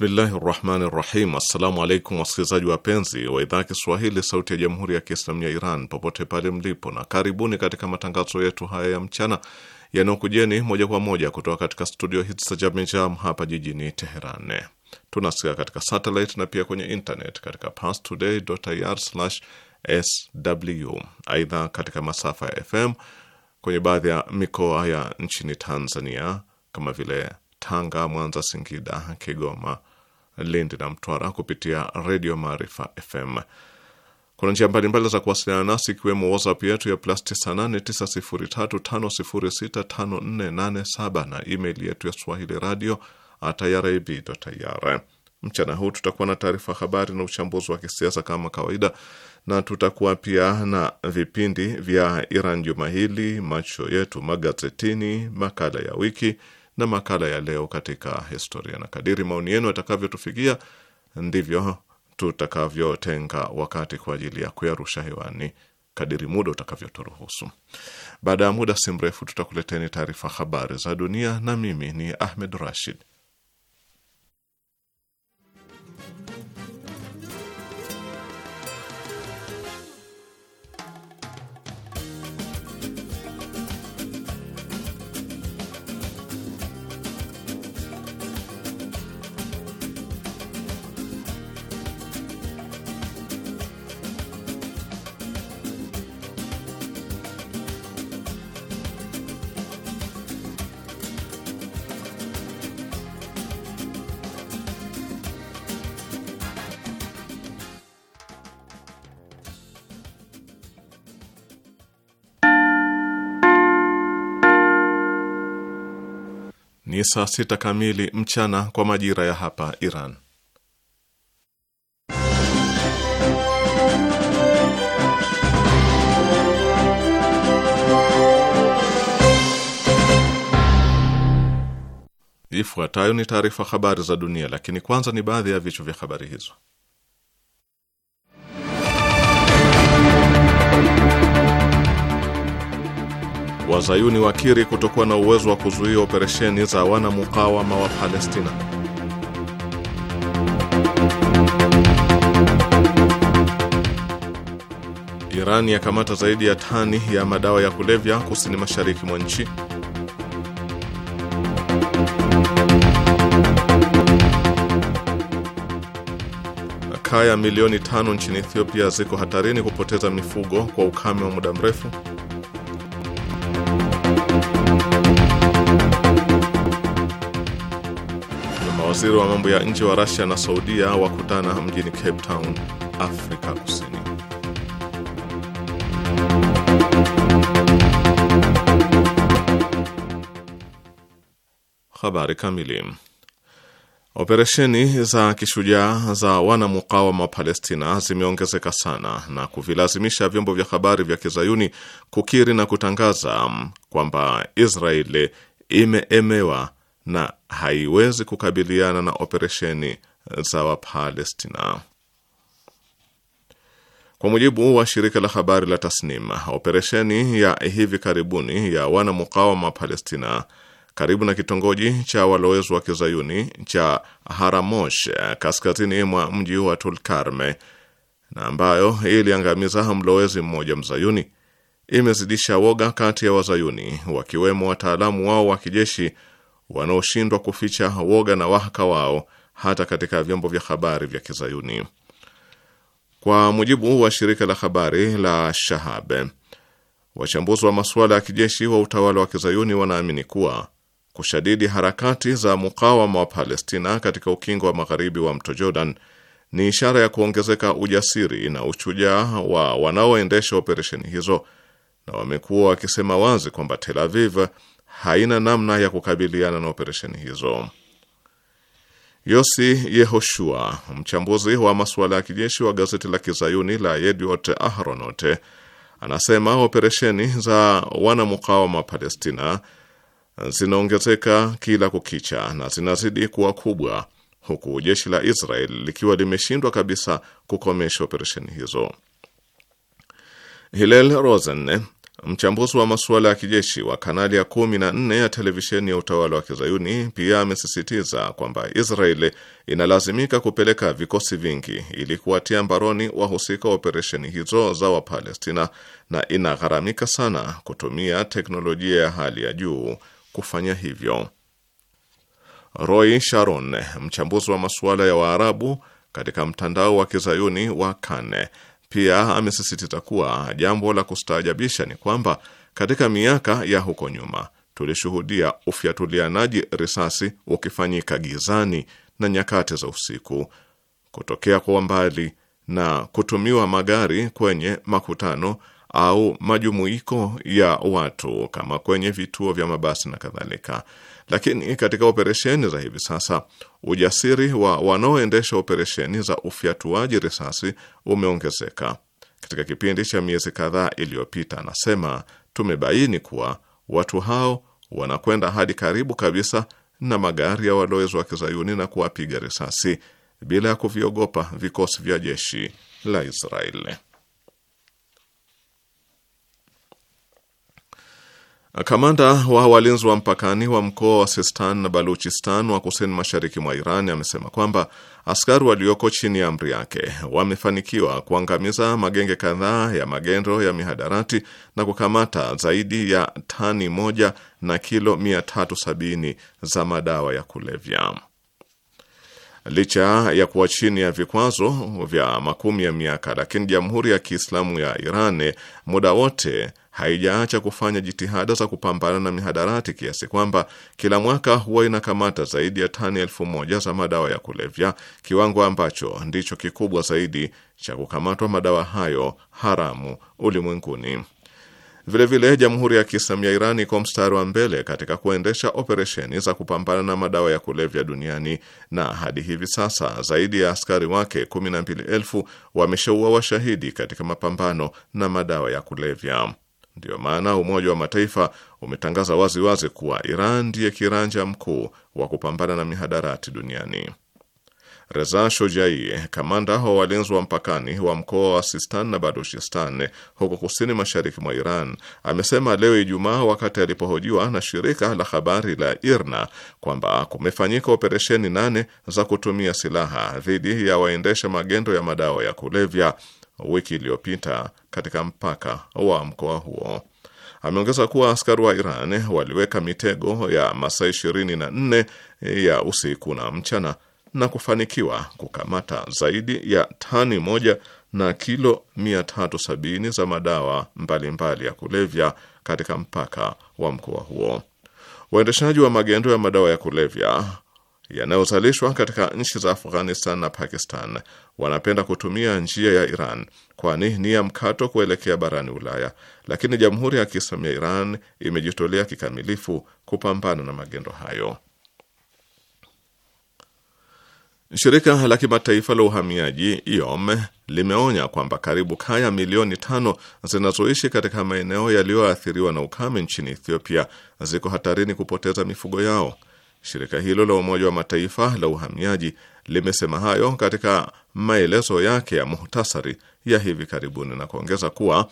Bismillahi rahmani rahim. Assalamu alaikum wasikilizaji wapenzi wa idhaa ya Kiswahili sauti ya jamhuri ya Kiislamu ya Iran popote pale mlipo, na karibuni katika matangazo yetu haya ya mchana yanayokujeni moja kwa moja kutoka katika studio hizi za Jamejam hapa jijini Teheran. Tunasikia katika satelit na pia kwenye internet katika parstoday.ir/sw. Aidha, katika masafa ya FM kwenye baadhi ya mikoa ya nchini Tanzania kama vile Tanga, Mwanza, Singida, Kigoma, Lindi na Mtwara kupitia Redio Maarifa FM. Kuna njia mbalimbali za kuwasiliana nasi ikiwemo WhatsApp yetu ya plus 989035065487 na email yetu ya swahili radio irib.ir. Mchana huu tutakuwa na taarifa habari na uchambuzi wa kisiasa kama kawaida, na tutakuwa pia na vipindi vya Iran juma hili, macho yetu magazetini, makala ya wiki na makala ya leo katika historia, na kadiri maoni yenu yatakavyotufikia ndivyo tutakavyotenga wakati kwa ajili ya kuyarusha hewani kadiri muda utakavyoturuhusu. Baada ya muda si mrefu, tutakuleteni taarifa habari za dunia, na mimi ni Ahmed Rashid. ni saa sita kamili mchana kwa majira ya hapa Iran. Ifuatayo ni taarifa habari za dunia, lakini kwanza ni baadhi ya vichwa vya habari hizo. Wazayuni wakiri kutokuwa na uwezo wa kuzuia operesheni za wanamukawama wa Palestina. Iran yakamata zaidi ya tani ya madawa ya kulevya kusini mashariki mwa nchi. Kaya milioni tano nchini Ethiopia ziko hatarini kupoteza mifugo kwa ukame wa muda mrefu. Mawaziri wa mambo ya nje wa rasia na Saudia wakutana mjini Cape Town, Afrika Kusini. Habari kamili. Operesheni za kishujaa za wanamukawama wa Palestina zimeongezeka sana na kuvilazimisha vyombo vya habari vya kizayuni kukiri na kutangaza kwamba Israeli imeemewa na haiwezi kukabiliana na operesheni za Wapalestina. Kwa mujibu wa shirika la habari la Tasnim, operesheni ya hivi karibuni ya wanamukawama Palestina karibu na kitongoji cha walowezi wa kizayuni cha Haramosh kaskazini mwa mji wa Tulkarme na ambayo iliangamiza mlowezi mmoja mzayuni imezidisha woga kati ya wazayuni wakiwemo wataalamu wao wa kijeshi wanaoshindwa kuficha woga na wahaka wao hata katika vyombo vya habari vya Kizayuni. Kwa mujibu wa shirika la habari la Shahabe, wachambuzi wa masuala ya kijeshi wa utawala wa Kizayuni wanaamini kuwa kushadidi harakati za mukawama wa Palestina katika ukingo wa magharibi wa mto Jordan ni ishara ya kuongezeka ujasiri na ushujaa wa wanaoendesha operesheni hizo, na wamekuwa wakisema wazi kwamba Tel Aviv haina namna ya kukabiliana na operesheni hizo. Yosi Yehoshua, mchambuzi wa masuala ya kijeshi wa gazeti la kizayuni la Yediot Ahronot, anasema operesheni za wanamukawama Palestina zinaongezeka kila kukicha na zinazidi kuwa kubwa, huku jeshi la Israel likiwa limeshindwa kabisa kukomesha operesheni hizo. Hillel Rosen Mchambuzi wa masuala ya kijeshi wa kanali ya kumi na nne ya televisheni ya utawala wa kizayuni pia amesisitiza kwamba Israeli inalazimika kupeleka vikosi vingi ili kuwatia mbaroni wahusika wa operesheni hizo za Wapalestina na inagharamika sana kutumia teknolojia ya hali ya juu kufanya hivyo. Roy Sharon, mchambuzi wa masuala ya Waarabu katika mtandao wa kizayuni wa Kane pia amesisitiza kuwa jambo la kustaajabisha ni kwamba katika miaka ya huko nyuma tulishuhudia ufyatulianaji risasi ukifanyika gizani na nyakati za usiku, kutokea kwa mbali na kutumiwa magari kwenye makutano au majumuiko ya watu kama kwenye vituo vya mabasi na kadhalika. Lakini katika operesheni za hivi sasa ujasiri wa wanaoendesha operesheni za ufyatuaji risasi umeongezeka. Katika kipindi cha miezi kadhaa iliyopita, anasema tumebaini kuwa watu hao wanakwenda hadi karibu kabisa na magari ya walowezi wa kizayuni na kuwapiga risasi bila ya kuviogopa vikosi vya jeshi la Israeli. Kamanda wa walinzi wa mpakani wa mkoa wa Sistan na Baluchistan wa kusini mashariki mwa Iran amesema kwamba askari walioko chini ya amri yake wamefanikiwa kuangamiza magenge kadhaa ya magendo ya mihadarati na kukamata zaidi ya tani moja na kilo 370 za madawa ya kulevya. Licha ya kuwa chini ya vikwazo vya makumi ya miaka, lakini Jamhuri ya Kiislamu ya Iran muda wote haijaacha kufanya jitihada za kupambana na mihadarati kiasi kwamba kila mwaka huwa inakamata zaidi ya tani elfu moja za madawa ya kulevya, kiwango ambacho ndicho kikubwa zaidi cha kukamatwa madawa hayo haramu ulimwenguni. Vilevile, Jamhuri ya Kiislamu ya Iran iko mstari wa mbele katika kuendesha operesheni za kupambana na madawa ya kulevya duniani, na hadi hivi sasa zaidi ya askari wake 12,000 wameshaua washahidi katika mapambano na madawa ya kulevya. Ndiyo maana Umoja wa Mataifa umetangaza waziwazi wazi kuwa Iran ndiye kiranja mkuu wa kupambana na mihadarati duniani. Reza Shojai, kamanda wa walinzi wa mpakani wa mkoa wa Sistan na Baluchistan huko kusini mashariki mwa Iran, amesema leo Ijumaa wakati alipohojiwa na shirika la habari la IRNA kwamba kumefanyika operesheni nane za kutumia silaha dhidi ya waendesha magendo ya madawa ya kulevya wiki iliyopita katika mpaka wa mkoa huo. Ameongeza kuwa askari wa Iran waliweka mitego ya masaa ishirini na nne ya usiku na mchana na kufanikiwa kukamata zaidi ya tani moja na kilo 370 za madawa mbalimbali mbali ya kulevya katika mpaka wa mkoa huo. Waendeshaji wa magendo ya madawa ya kulevya yanayozalishwa katika nchi za Afghanistan na Pakistan wanapenda kutumia njia ya Iran, kwani ni ya mkato kuelekea barani Ulaya. Lakini Jamhuri ya Kiislamu ya Iran imejitolea kikamilifu kupambana na magendo hayo. Shirika la kimataifa la uhamiaji IOM limeonya kwamba karibu kaya milioni tano zinazoishi katika maeneo yaliyoathiriwa na ukame nchini Ethiopia ziko hatarini kupoteza mifugo yao. Shirika hilo la Umoja wa Mataifa la uhamiaji limesema hayo katika maelezo yake ya muhtasari ya hivi karibuni na kuongeza kuwa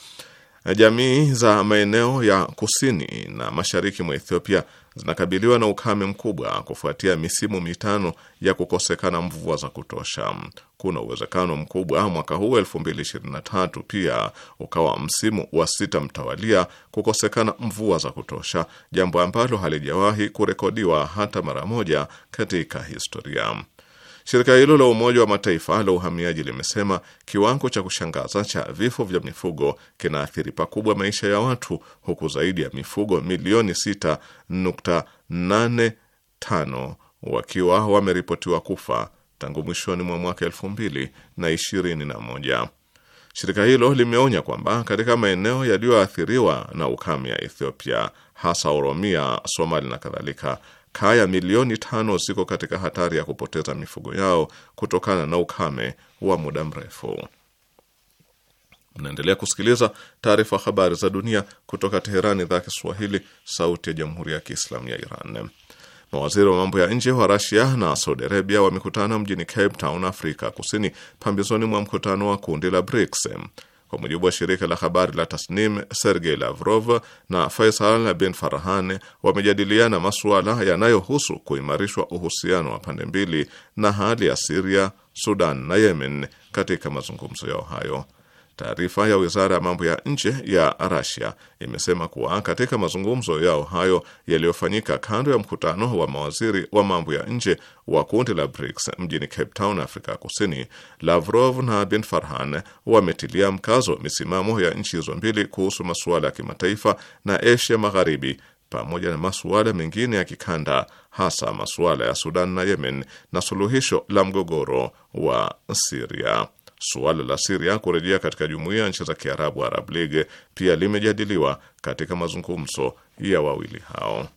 Jamii za maeneo ya kusini na mashariki mwa Ethiopia zinakabiliwa na ukame mkubwa kufuatia misimu mitano ya kukosekana mvua za kutosha. Kuna uwezekano mkubwa mwaka huu 2023 pia ukawa msimu wa sita mtawalia kukosekana mvua za kutosha, jambo ambalo halijawahi kurekodiwa hata mara moja katika historia. Shirika hilo la Umoja wa Mataifa la uhamiaji limesema kiwango cha kushangaza cha vifo vya mifugo kinaathiri pakubwa maisha ya watu huku zaidi ya mifugo milioni 6.85 wakiwa wameripotiwa kufa tangu mwishoni mwa mwaka 2021. Shirika hilo limeonya kwamba katika maeneo yaliyoathiriwa na ukame ya Ethiopia, hasa Oromia, Somali na kadhalika, Kaya milioni tano ziko katika hatari ya kupoteza mifugo yao kutokana na ukame wa muda mrefu. Mnaendelea kusikiliza taarifa habari za dunia kutoka Teherani, idhaa Kiswahili, sauti ya jamhuri ya kiislamu ya Iran. Mawaziri wa mambo ya nje wa Rasia na Saudi Arabia wamekutana mjini Cape Town, Afrika Kusini, pambizoni mwa mkutano wa kundi la BRICS. Kwa mujibu wa shirika la habari la Tasnim, Sergei Lavrov na Faisal bin Farhan wamejadiliana masuala yanayohusu kuimarishwa uhusiano wa pande mbili na hali ya Siria, Sudan na Yemen katika mazungumzo yao hayo. Taarifa ya wizara ya mambo ya nje ya Rasia imesema kuwa katika mazungumzo yao hayo yaliyofanyika kando ya mkutano wa mawaziri wa mambo ya nje wa kundi la BRICS mjini Cape Town, Afrika Kusini, Lavrov na Bin Farhan wametilia mkazo misimamo ya nchi hizo mbili kuhusu masuala ya kimataifa na Asia Magharibi pamoja na masuala mengine ya kikanda, hasa masuala ya Sudan na Yemen na suluhisho la mgogoro wa Siria. Suala la Siria kurejea katika jumuiya ya nchi za Kiarabu, Arab League, pia limejadiliwa katika mazungumzo ya wawili hao.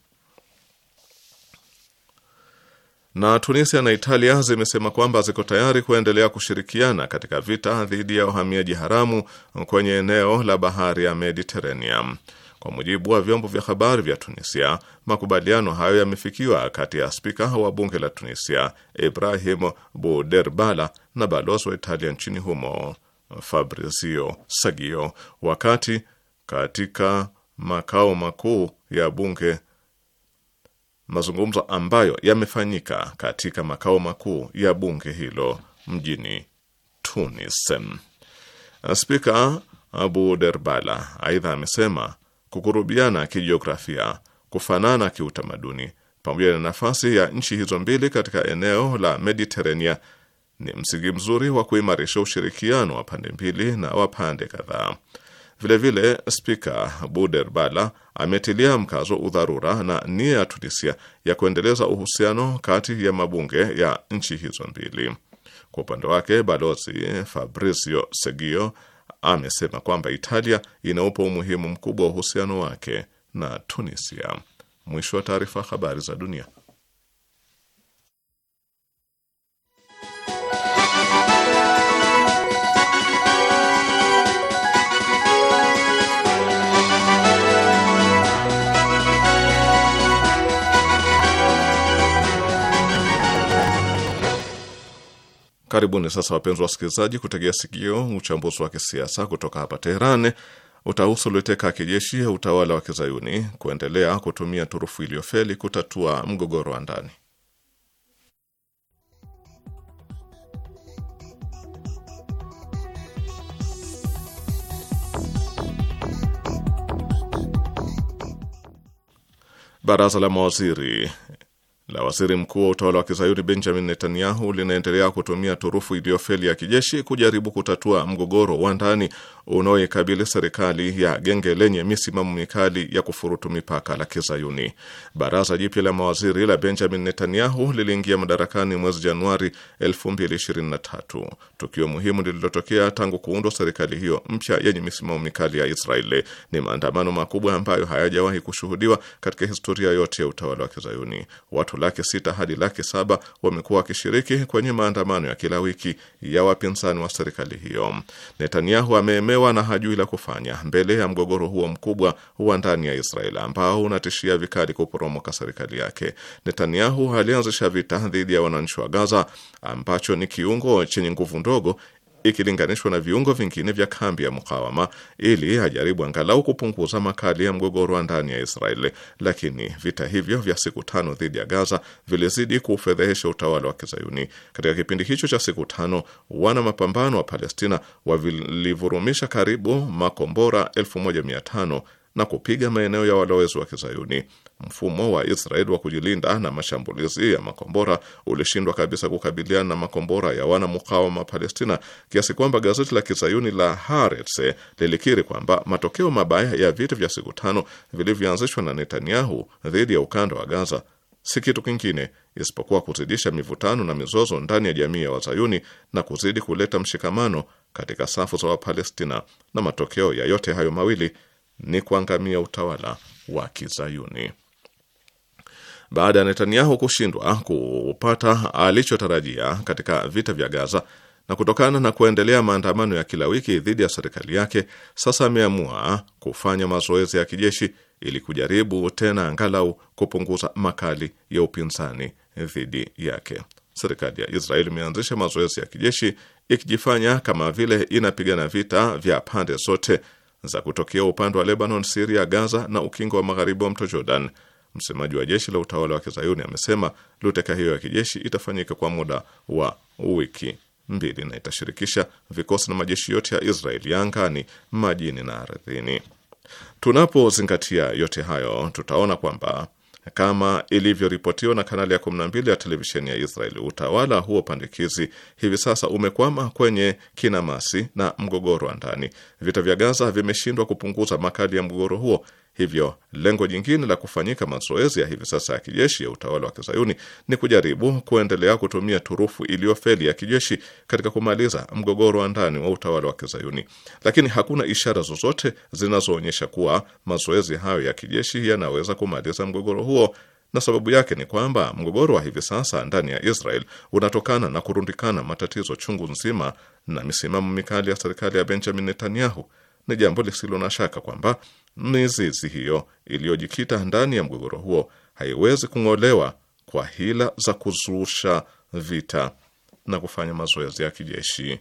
Na Tunisia na Italia zimesema kwamba ziko tayari kuendelea kushirikiana katika vita dhidi ya uhamiaji haramu kwenye eneo la bahari ya Mediterranean. Kwa mujibu wa vyombo vya habari vya Tunisia, makubaliano hayo yamefikiwa kati ya spika wa bunge la Tunisia Ibrahim Bouderbala na balozi wa Italia nchini humo Fabrizio Sagio wakati katika makao makuu ya bunge mazungumzo ambayo yamefanyika katika makao makuu ya bunge hilo mjini Tunis. Spika Abu Derbala aidha amesema kukurubiana kijiografia, kufanana kiutamaduni, pamoja na nafasi ya nchi hizo mbili katika eneo la Mediterania ni msingi mzuri wa kuimarisha ushirikiano wa pande mbili na wa pande kadhaa. Vilevile, Spika Buderbala ametilia mkazo udharura na nia ya Tunisia ya kuendeleza uhusiano kati ya mabunge ya nchi hizo mbili. Kwa upande wake, Balozi Fabrizio Segio amesema kwamba Italia inaupa umuhimu mkubwa wa uhusiano wake na Tunisia. Mwisho wa taarifa. Habari za dunia. Karibuni sasa, wapenzi wasikilizaji, kutegea sikio uchambuzi wa kisiasa kutoka hapa Teheran. Utahusu liteka ya kijeshi ya utawala wa kizayuni kuendelea kutumia turufu iliyofeli kutatua mgogoro wa ndani. Baraza la mawaziri la waziri mkuu wa utawala wa kizayuni Benjamin Netanyahu linaendelea kutumia turufu iliyofeli ya kijeshi kujaribu kutatua mgogoro wa ndani unaoikabili serikali ya genge lenye misimamo mikali ya kufurutu mipaka la kizayuni. Baraza jipya la mawaziri la Benjamin Netanyahu liliingia madarakani mwezi Januari 2023, tukio muhimu lililotokea tangu kuundwa serikali hiyo mpya yenye misimamo mikali ya Israeli ni maandamano makubwa ambayo hayajawahi kushuhudiwa katika historia yote ya utawala wa kizayuni. Watu laki sita hadi laki saba wamekuwa wakishiriki kwenye maandamano ya kila wiki ya wapinzani wa serikali hiyo. Netanyahu ameemewa na hajui la kufanya mbele ya mgogoro huo mkubwa wa ndani ya israel ambao unatishia vikali kuporomoka serikali yake. Netanyahu alianzisha vita dhidi ya wananchi wa Gaza ambacho ni kiungo chenye nguvu ndogo ikilinganishwa na viungo vingine vya kambi ya mukawama ili ajaribu angalau kupunguza makali ya mgogoro wa ndani ya Israeli. Lakini vita hivyo vya siku tano dhidi ya Gaza vilizidi kuufedhehesha utawala wa Kizayuni. Katika kipindi hicho cha siku tano, wana mapambano wa Palestina walivurumisha karibu makombora 1500 na kupiga maeneo ya walowezi wa Kizayuni. Mfumo wa Israel wa kujilinda na mashambulizi ya makombora ulishindwa kabisa kukabiliana na makombora ya wanamukawama Palestina, kiasi kwamba gazeti la Kizayuni la Haaretz lilikiri kwamba matokeo mabaya ya vita vya siku tano vilivyoanzishwa na Netanyahu dhidi ya ukanda wa Gaza si kitu kingine isipokuwa kuzidisha mivutano na mizozo ndani ya jamii ya Wazayuni na kuzidi kuleta mshikamano katika safu za Wapalestina, na matokeo ya yote hayo mawili ni kuangamia utawala wa Kizayuni. Baada ya Netanyahu kushindwa kupata alichotarajia katika vita vya Gaza na kutokana na kuendelea maandamano ya kila wiki dhidi ya serikali yake, sasa ameamua kufanya mazoezi ya kijeshi ili kujaribu tena angalau kupunguza makali ya upinzani dhidi yake. Serikali ya israel imeanzisha mazoezi ya kijeshi ikijifanya kama vile inapigana vita vya pande zote za kutokea upande wa Lebanon, Siria, Gaza na ukingo wa magharibi wa mto Jordan. Msemaji wa jeshi la utawala wa kizayuni amesema luteka hiyo ya kijeshi itafanyika kwa muda wa wiki mbili na itashirikisha vikosi na majeshi yote ya Israeli ya angani, majini na ardhini. Tunapozingatia yote hayo, tutaona kwamba kama ilivyoripotiwa na kanali ya 12 ya televisheni ya Israeli, utawala huo pandikizi hivi sasa umekwama kwenye kinamasi na mgogoro wa ndani. Vita vya Gaza vimeshindwa kupunguza makali ya mgogoro huo, Hivyo lengo jingine la kufanyika mazoezi ya hivi sasa ya kijeshi ya utawala wa kizayuni ni kujaribu kuendelea kutumia turufu iliyofeli ya kijeshi katika kumaliza mgogoro wa ndani wa utawala wa kizayuni, lakini hakuna ishara zozote zinazoonyesha kuwa mazoezi hayo ya kijeshi yanaweza kumaliza mgogoro huo, na sababu yake ni kwamba mgogoro wa hivi sasa ndani ya Israel unatokana na kurundikana matatizo chungu nzima na misimamo mikali ya serikali ya Benjamin Netanyahu ni jambo lisilo na shaka kwamba mizizi hiyo iliyojikita ndani ya mgogoro huo haiwezi kung'olewa kwa hila za kuzusha vita na kufanya mazoezi ya kijeshi.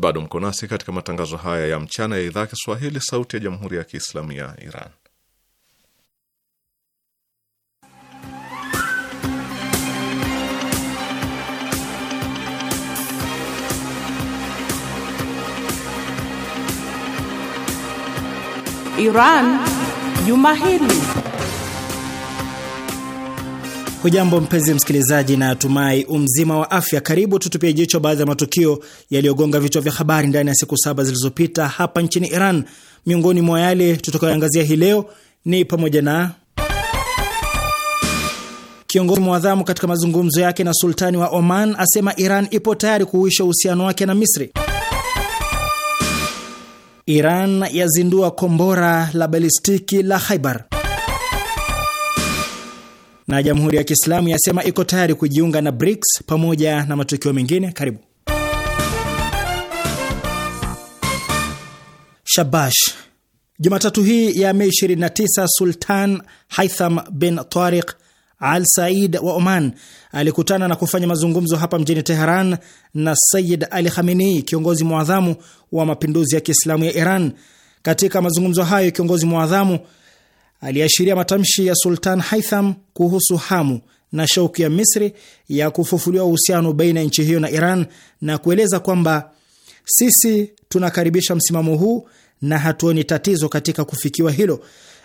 Bado mko nasi katika matangazo haya ya mchana ya idhaa Kiswahili sauti ya jamhuri ya Kiislamu ya Iran. Iran Juma hili Hujambo mpenzi msikilizaji, na tumai umzima wa afya. Karibu tutupie jicho baadhi ya matukio yaliyogonga vichwa vya habari ndani ya siku saba zilizopita hapa nchini Iran. Miongoni mwa yale tutakayoangazia hii leo ni pamoja na kiongozi mwadhamu katika mazungumzo yake na sultani wa Oman asema Iran ipo tayari kuhuisha uhusiano wake na Misri. Iran yazindua kombora la balistiki la haibar na Jamhuri ya Kiislamu yasema iko tayari kujiunga na BRICS pamoja na matukio mengine. Karibu. Shabash. Jumatatu hii ya Mei 29 Sultan Haitham bin Tariq Al Said wa Oman alikutana na kufanya mazungumzo hapa mjini Teheran na Sayid Ali Khamenei, kiongozi mwadhamu wa mapinduzi ya Kiislamu ya Iran. Katika mazungumzo hayo, kiongozi mwadhamu aliashiria matamshi ya Sultan Haitham kuhusu hamu na shauku ya Misri ya kufufuliwa uhusiano baina ya nchi hiyo na Iran na kueleza kwamba sisi tunakaribisha msimamo huu na hatuoni tatizo katika kufikiwa hilo.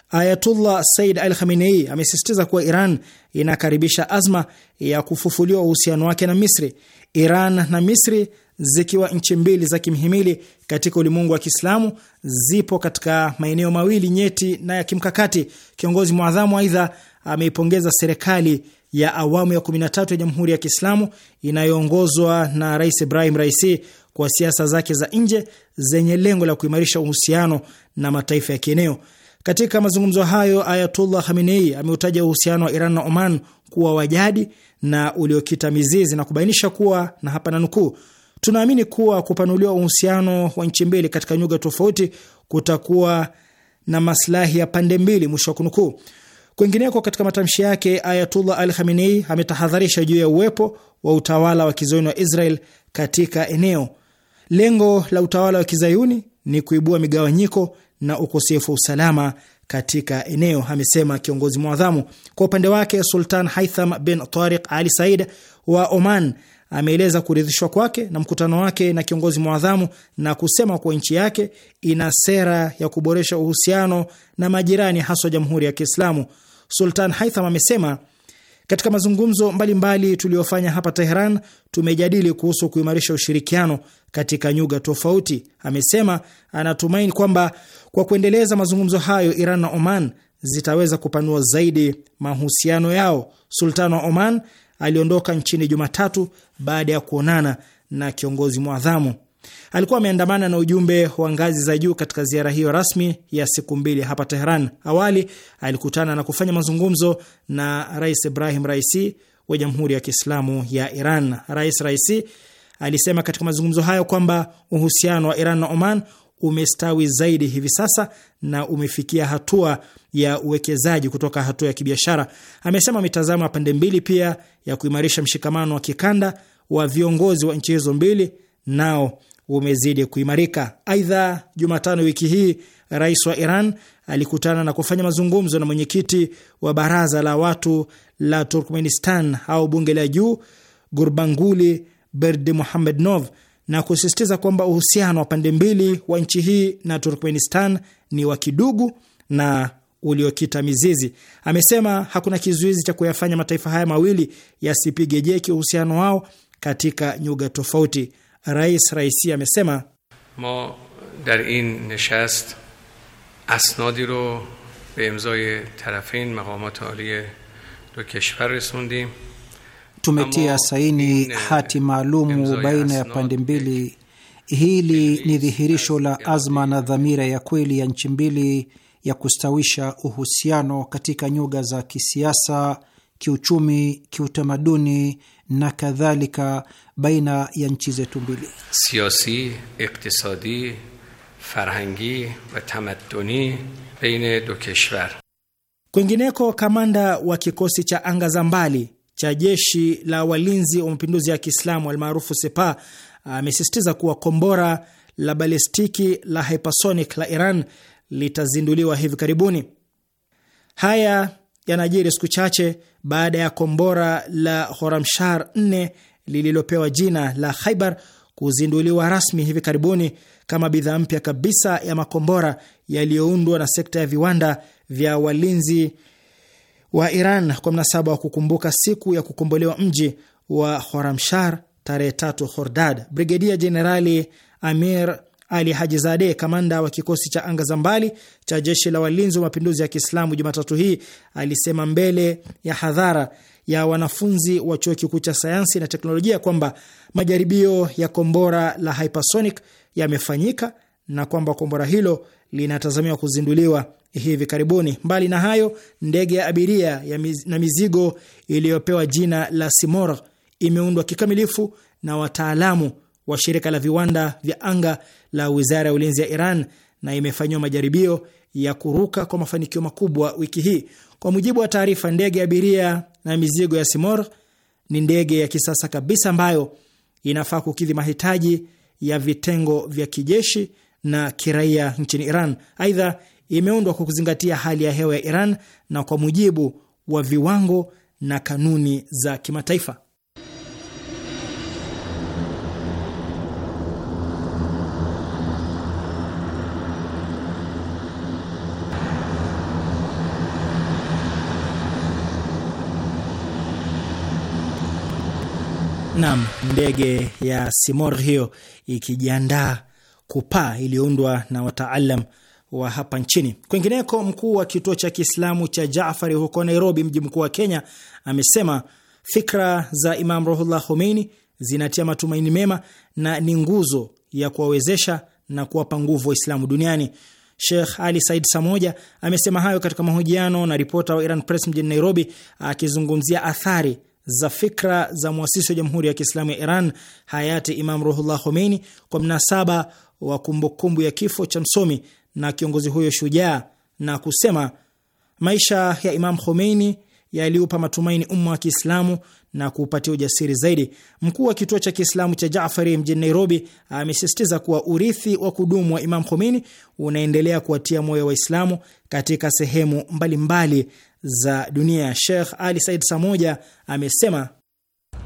Ayatullah Said Al Khamenei amesisitiza kuwa Iran inakaribisha azma ya kufufuliwa uhusiano wake na Misri. Iran na Misri zikiwa nchi mbili za kimhimili katika ulimwengu wa Kiislamu zipo katika maeneo mawili nyeti na ya kimkakati. Kiongozi mwadhamu aidha ameipongeza serikali ya awamu ya 13 ya Jamhuri ya Kiislamu inayoongozwa na Rais Ibrahim Raisi kwa siasa zake za nje zenye lengo la kuimarisha uhusiano na mataifa ya kieneo. Katika mazungumzo hayo, Ayatullah Khamenei ameutaja uhusiano wa Iran na Oman kuwa wajadi na uliokita mizizi na kubainisha kuwa na hapa na nukuu Tunaamini kuwa kupanuliwa uhusiano wa nchi mbili katika nyuga tofauti kutakuwa na maslahi ya pande mbili, mwisho wa kunukuu. Kwingineko, katika matamshi yake, Ayatullah Al Khamenei ametahadharisha juu ya uwepo wa utawala wa kizayuni wa Israel katika eneo. Lengo la utawala wa kizayuni ni kuibua migawanyiko na ukosefu wa usalama katika eneo, amesema kiongozi mwadhamu. Kwa upande wake, Sultan Haitham bin Tariq Ali Said wa Oman ameeleza kuridhishwa kwake na mkutano wake na kiongozi mwadhamu na kusema kuwa nchi yake ina sera ya kuboresha uhusiano na majirani haswa Jamhuri ya Kiislamu. Sultan Haitham amesema katika mazungumzo mbalimbali tuliyofanya hapa Teheran tumejadili kuhusu kuimarisha ushirikiano katika nyuga tofauti. Amesema anatumaini kwamba kwa kuendeleza mazungumzo hayo, Iran na Oman zitaweza kupanua zaidi mahusiano yao. Sultan wa Oman aliondoka nchini Jumatatu baada ya kuonana na kiongozi mwadhamu. Alikuwa ameandamana na ujumbe wa ngazi za juu katika ziara hiyo rasmi ya siku mbili hapa Teheran. Awali alikutana na kufanya mazungumzo na Rais Ibrahim Raisi wa Jamhuri ya Kiislamu ya Iran. Rais Raisi alisema katika mazungumzo hayo kwamba uhusiano wa Iran na Oman umestawi zaidi hivi sasa na umefikia hatua ya uwekezaji kutoka hatua ya kibiashara. Amesema mitazamo ya pande mbili pia ya kuimarisha mshikamano wa kikanda wa viongozi wa nchi hizo mbili nao umezidi kuimarika. Aidha, Jumatano wiki hii rais wa Iran alikutana na kufanya mazungumzo na mwenyekiti wa baraza la watu la Turkmenistan au bunge la juu gurbanguli Gurbanguly nov na kusisitiza kwamba uhusiano wa pande mbili wa nchi hii na Turkmenistan ni wa kidugu na uliokita mizizi. Amesema hakuna kizuizi cha kuyafanya mataifa haya mawili yasipige jeki uhusiano wao katika nyuga tofauti. Rais Raisi amesema ma dar in neshast asnadi ro be imzay tarafein maqamat aliye do keshvar resundim tumetia saini hati maalumu baina ya pande mbili. Hili ni dhihirisho la azma na dhamira ya kweli ya nchi mbili ya kustawisha uhusiano katika nyuga za kisiasa, kiuchumi, kiutamaduni na kadhalika baina ya nchi zetu mbili. siasi iktisadi, farhangi wa tamaduni baina do keshwar. Kwingineko, kamanda wa kikosi cha anga za mbali cha jeshi la walinzi wa mapinduzi ya Kiislamu almaarufu sepa amesisitiza kuwa kombora la balistiki la hypersonic la Iran litazinduliwa hivi karibuni. Haya yanajiri siku chache baada ya kombora la Horamshar 4 lililopewa jina la Khaibar kuzinduliwa rasmi hivi karibuni kama bidhaa mpya kabisa ya makombora yaliyoundwa na sekta ya viwanda vya walinzi wa Iran kwa mnasaba wa kukumbuka siku ya kukombolewa mji wa Horamshar tarehe tatu Hordad, Brigedia Jenerali Amir Ali haji zade kamanda wa kikosi cha anga za mbali cha jeshi la walinzi wa mapinduzi ya Kiislamu, Jumatatu hii alisema mbele ya hadhara ya wanafunzi wa chuo kikuu cha sayansi na teknolojia kwamba majaribio ya kombora la hypersonic yamefanyika na kwamba kombora hilo linatazamiwa kuzinduliwa hivi karibuni. Mbali na hayo, ndege ya abiria ya miz, na mizigo iliyopewa jina la Simor imeundwa kikamilifu na wataalamu wa shirika la viwanda vya anga la Wizara ya Ulinzi ya Iran na imefanyiwa majaribio ya kuruka kwa mafanikio makubwa wiki hii. Kwa mujibu wa taarifa, ndege ya abiria na mizigo ya Simor ni ndege ya kisasa kabisa ambayo inafaa kukidhi mahitaji ya vitengo vya kijeshi na kiraia nchini Iran. Aidha, imeundwa kwa kuzingatia hali ya hewa ya Iran na kwa mujibu wa viwango na kanuni za kimataifa. Nam, ndege ya Simor hiyo ikijiandaa kupaa, iliyoundwa na wataalam wa hapa nchini. Kwingineko, mkuu wa kituo cha Kiislamu cha Jafari huko Nairobi, mji mkuu wa Kenya, amesema fikra za Imam Ruhullah Khomeini zinatia matumaini mema na ni nguzo ya kuwawezesha na kuwapa nguvu Waislamu duniani. Sheikh Ali Said Samoja amesema hayo katika mahojiano na ripota wa Iran Press mjini Nairobi, akizungumzia athari za fikra za mwasisi wa Jamhuri ya Kiislamu ya Iran hayati Imam Ruhullah Khomeini kwa mnasaba wa kumbukumbu ya kifo cha msomi na kiongozi huyo shujaa na kusema maisha ya Imam Khomeini yaliupa matumaini umma wa Kiislamu na kuupatia ujasiri zaidi. Mkuu wa kituo cha Kiislamu cha jafari mjini Nairobi amesisitiza kuwa urithi wa kudumu wa Imam Khomeini unaendelea kuwatia moyo Waislamu katika sehemu mbalimbali mbali za dunia. Sheikh Ali Said Samoja amesema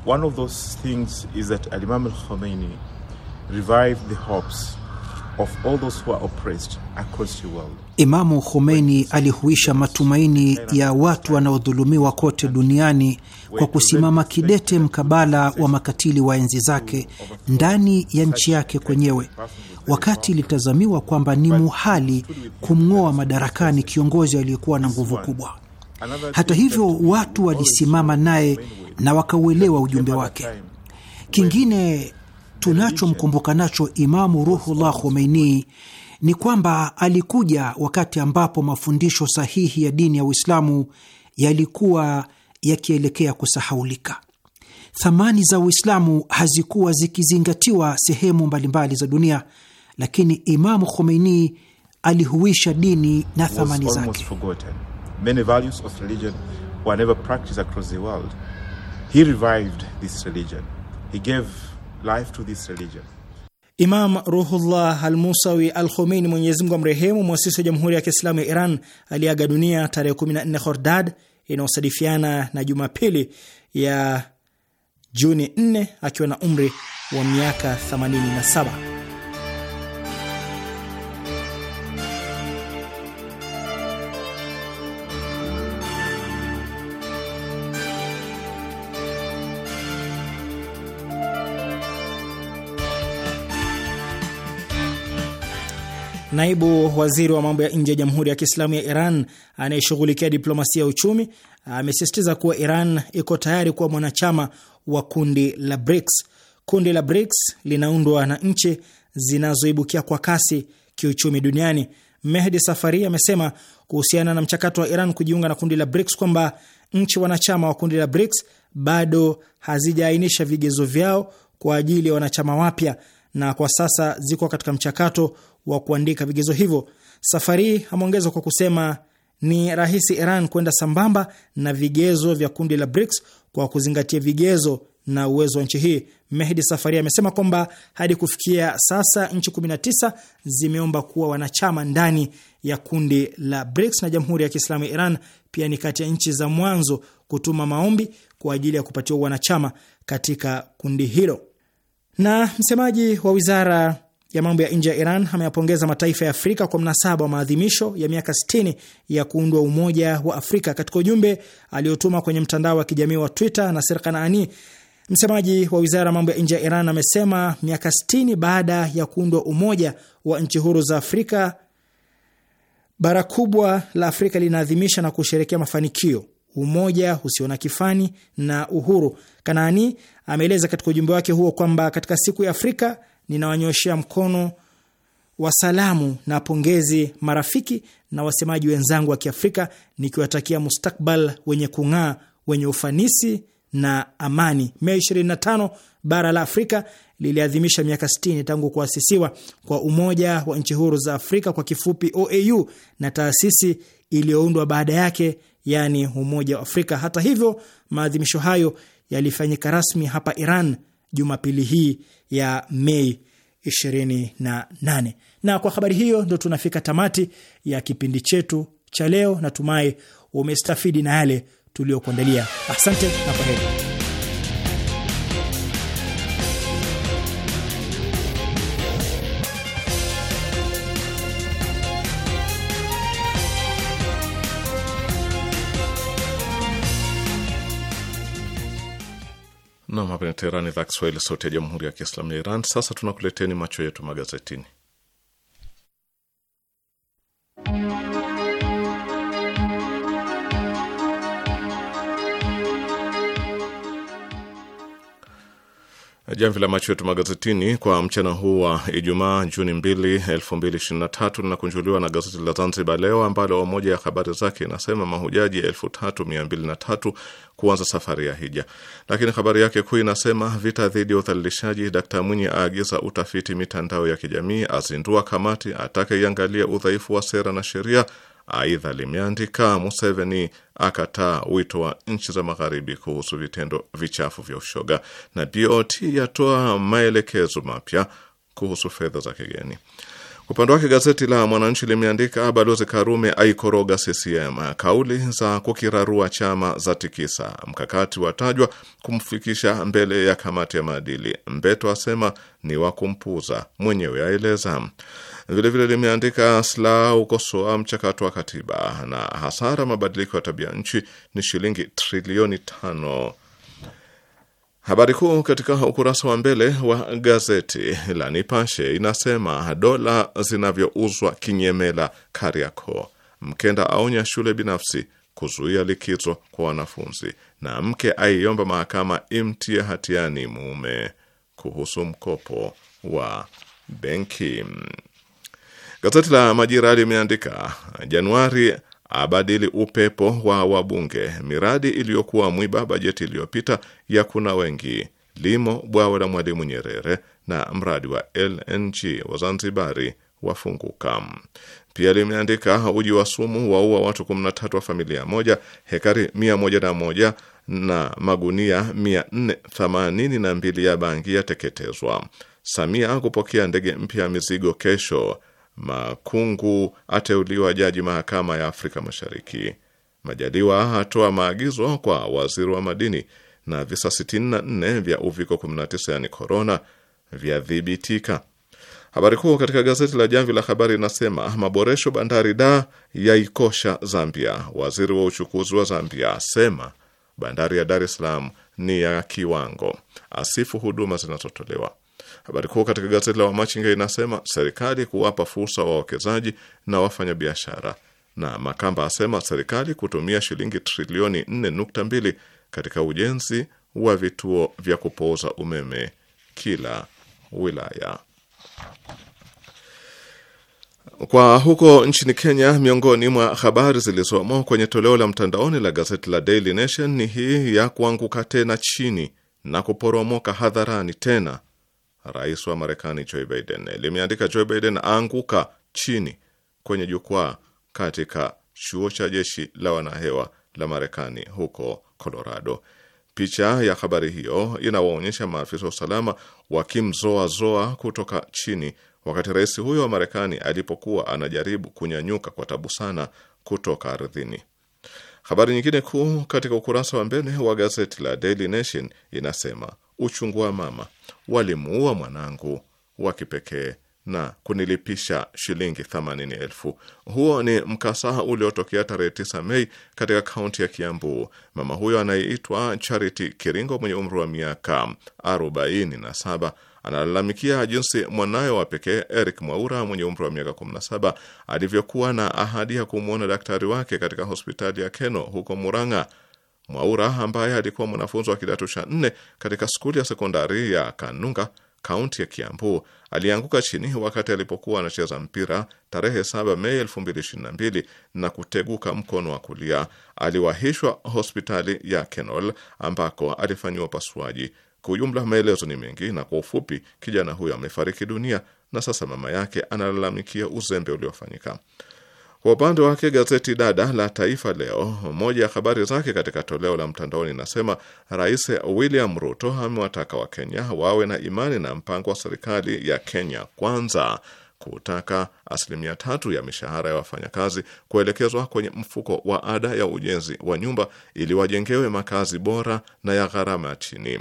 One of those things is that Imam Khomeini revived the hopes of all those who are oppressed across the world. Imamu Khomeini alihuisha matumaini ya watu wanaodhulumiwa kote duniani kwa kusimama kidete mkabala wa makatili wa enzi zake ndani ya nchi yake kwenyewe, wakati ilitazamiwa kwamba ni muhali kumng'oa madarakani kiongozi aliyekuwa na nguvu kubwa. Hata hivyo, watu walisimama naye na wakauelewa ujumbe wake. Kingine tunachomkumbuka nacho Imamu Ruhullah Khomeini ni kwamba alikuja wakati ambapo mafundisho sahihi ya dini ya Uislamu yalikuwa yakielekea kusahaulika. Thamani za Uislamu hazikuwa zikizingatiwa sehemu mbalimbali za dunia, lakini Imamu Khomeini alihuisha dini na thamani zake. He revived this religion. He gave life to this religion. Imam Ruhullah Al-Musawi Al-Khomeini, Mwenyezi Mungu amrehemu, mwasisi wa Jamhuri ya Kiislamu ya Iran, aliaga dunia tarehe 14 Khordad inayosadifiana na Jumapili ya Juni 4 akiwa na umri wa miaka 87. Naibu waziri wa mambo ya nje ya Jamhuri ya Kiislamu ya Iran anayeshughulikia diplomasia ya uchumi amesisitiza kuwa Iran iko tayari kuwa mwanachama wa kundi la BRICS. Kundi la BRICS linaundwa na nchi zinazoibukia kwa kasi kiuchumi duniani. Mehdi Safari amesema kuhusiana na mchakato wa Iran kujiunga na kundi la BRICS kwamba nchi wanachama wa kundi la BRICS bado hazijaainisha vigezo vyao kwa ajili ya wanachama wapya na kwa sasa ziko katika mchakato wa kuandika vigezo hivyo. Safari ameongeza kwa kusema ni rahisi Iran kwenda sambamba na vigezo vya kundi la BRICS kwa kuzingatia vigezo na uwezo wa nchi hii. Mehdi Safari amesema kwamba hadi kufikia sasa nchi 19 zimeomba kuwa wanachama ndani ya kundi la BRICS na Jamhuri ya Kiislamu ya Iran pia ni kati ya nchi za mwanzo kutuma maombi kwa ajili ya kupatiwa wanachama katika kundi hilo. Na msemaji wa wizara ya mambo ya nje ya Iran ameyapongeza mataifa ya Afrika kwa mnasaba wa maadhimisho ya miaka 60 ya kuundwa Umoja wa Afrika. Katika ujumbe aliotuma kwenye mtandao wa kijamii wa Twitter, Naser Kanaani, msemaji wa wizara ya mambo ya nje ya Iran, amesema miaka 60 baada ya kuundwa umoja wa nchi huru za Afrika, bara kubwa la Afrika linaadhimisha na kusherekea mafanikio umoja usio na kifani na uhuru. Kanaani ameeleza katika ujumbe wake huo kwamba katika siku ya Afrika ninawanyoshea mkono wa salamu na pongezi marafiki na wasemaji wenzangu wa Kiafrika, nikiwatakia mustakbal wenye kung'aa wenye ufanisi na amani. Mei 25 bara la Afrika liliadhimisha miaka 60 tangu kuasisiwa kwa Umoja wa Nchi Huru za Afrika, kwa kifupi OAU, na taasisi iliyoundwa baada yake, yaani Umoja wa Afrika. Hata hivyo, maadhimisho hayo yalifanyika rasmi hapa Iran Jumapili hii ya Mei 28. Na kwa habari hiyo ndo tunafika tamati ya kipindi chetu cha leo. Natumai umestafidi na yale tuliyokuandalia. Asante na kwaheri. Nam, hapa ni Teherani, idhaa Kiswahili, sauti ya jamhuri ya kiislamu ya Iran. Sasa tunakuleteni macho yetu magazetini. Jamvi la macho yetu magazetini kwa mchana huu wa Ijumaa, Juni 2, 2023 linakunjuliwa na gazeti la Zanzibar Leo ambalo moja ya habari zake inasema mahujaji 3203 kuanza safari ya hija. Lakini habari yake kuu inasema vita dhidi ya udhalilishaji, Dkt Mwinyi aagiza utafiti mitandao ya kijamii, azindua kamati, ataka iangalia udhaifu wa sera na sheria Aidha limeandika Museveni akataa wito wa nchi za magharibi kuhusu vitendo vichafu vya ushoga, na BOT yatoa maelekezo mapya kuhusu fedha za kigeni. Upande wake gazeti la Mwananchi limeandika Balozi Karume aikoroga CCM, kauli za kukirarua chama za tikisa, mkakati watajwa kumfikisha mbele ya kamati ya maadili, Mbeto asema ni wa kumpuza, mwenyewe aeleza Vilevile limeandika sla ukosoa mchakato wa katiba na hasara mabadiliko ya tabia nchi ni shilingi trilioni tano. Habari kuu katika ukurasa wa mbele wa gazeti la Nipashe inasema dola zinavyouzwa kinyemela Kariakoo, Mkenda aonya shule binafsi kuzuia likizo kwa wanafunzi, na mke aiomba mahakama imtie hatiani mume kuhusu mkopo wa benki. Gazeti la Majira limeandika Januari abadili upepo wa wabunge, miradi iliyokuwa mwiba bajeti iliyopita ya kuna wengi, limo bwawa la Mwalimu Nyerere na mradi wa LNG wa zanzibari wafunguka. Pia limeandika uji wa sumu waua watu 13 wa familia moja, hekari 101 na magunia 482 ya bangi yateketezwa. Samia kupokea ndege mpya ya mizigo kesho Makungu ateuliwa jaji mahakama ya Afrika Mashariki. Majaliwa atoa maagizo kwa waziri wa madini, na visa 64 vya uviko 19 yani korona vyadhibitika. Habari kuu katika gazeti la Jamvi la Habari inasema maboresho bandari da yaikosha Zambia. Waziri wa uchukuzi wa Zambia asema bandari ya Dar es Salaam ni ya kiwango, asifu huduma zinazotolewa. Habari kuu katika gazeti la Wamachinga inasema serikali kuwapa fursa wawekezaji na wafanyabiashara, na Makamba asema serikali kutumia shilingi trilioni 4.2 katika ujenzi wa vituo vya kupooza umeme kila wilaya. Kwa huko nchini Kenya, miongoni mwa habari zilizomo kwenye toleo la mtandaoni la gazeti la Daily Nation ni hii ya kuanguka tena chini na kuporomoka hadharani tena rais wa Marekani Joe Biden limeandika Joe Biden aanguka chini kwenye jukwaa katika chuo cha jeshi la wanahewa la Marekani huko Colorado. Picha ya habari hiyo inawaonyesha maafisa wa usalama wakimzoazoa kutoka chini wakati rais huyo wa Marekani alipokuwa anajaribu kunyanyuka kwa tabu sana kutoka ardhini. Habari nyingine kuu katika ukurasa wa mbele wa gazeti la Daily Nation inasema uchungu wa mama, walimuua mwanangu wa kipekee na kunilipisha shilingi themanini elfu. Huo ni mkasaha uliotokea tarehe 9 Mei katika kaunti ya Kiambu. Mama huyo anayeitwa Charity Kiringo mwenye umri wa miaka 47 analalamikia jinsi mwanayo wa pekee Eric Mwaura mwenye umri wa miaka 17 alivyokuwa na ahadi ya kumwona daktari wake katika hospitali ya Keno huko Murang'a Mwaura ambaye alikuwa mwanafunzi wa kidato cha nne katika skuli ya sekondari ya Kanunga, kaunti ya Kiambu, alianguka chini wakati alipokuwa anacheza mpira tarehe 7 Mei 2022 na kuteguka mkono wa kulia. Aliwahishwa hospitali ya Kenol ambako alifanyiwa upasuaji. Kwa ujumla, maelezo ni mengi na kwa ufupi, kijana huyo amefariki dunia na sasa mama yake analalamikia uzembe uliofanyika. Kwa upande wake gazeti dada la Taifa Leo, moja ya habari zake katika toleo la mtandaoni inasema Rais William Ruto amewataka Wakenya wawe na imani na mpango wa serikali ya Kenya Kwanza kutaka asilimia tatu ya mishahara ya wafanyakazi kuelekezwa kwenye mfuko wa ada ya ujenzi wa nyumba ili wajengewe makazi bora na ya gharama chini.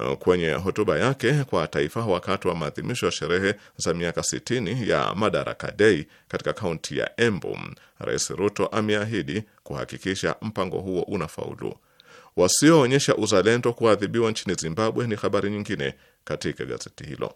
Uh, kwenye hotuba yake kwa taifa wakati wa maadhimisho ya sherehe za miaka 60 ya Madaraka dei katika kaunti ya Embu, Rais Ruto ameahidi kuhakikisha mpango huo unafaulu. Wasioonyesha uzalendo kuadhibiwa nchini Zimbabwe ni habari nyingine katika gazeti hilo.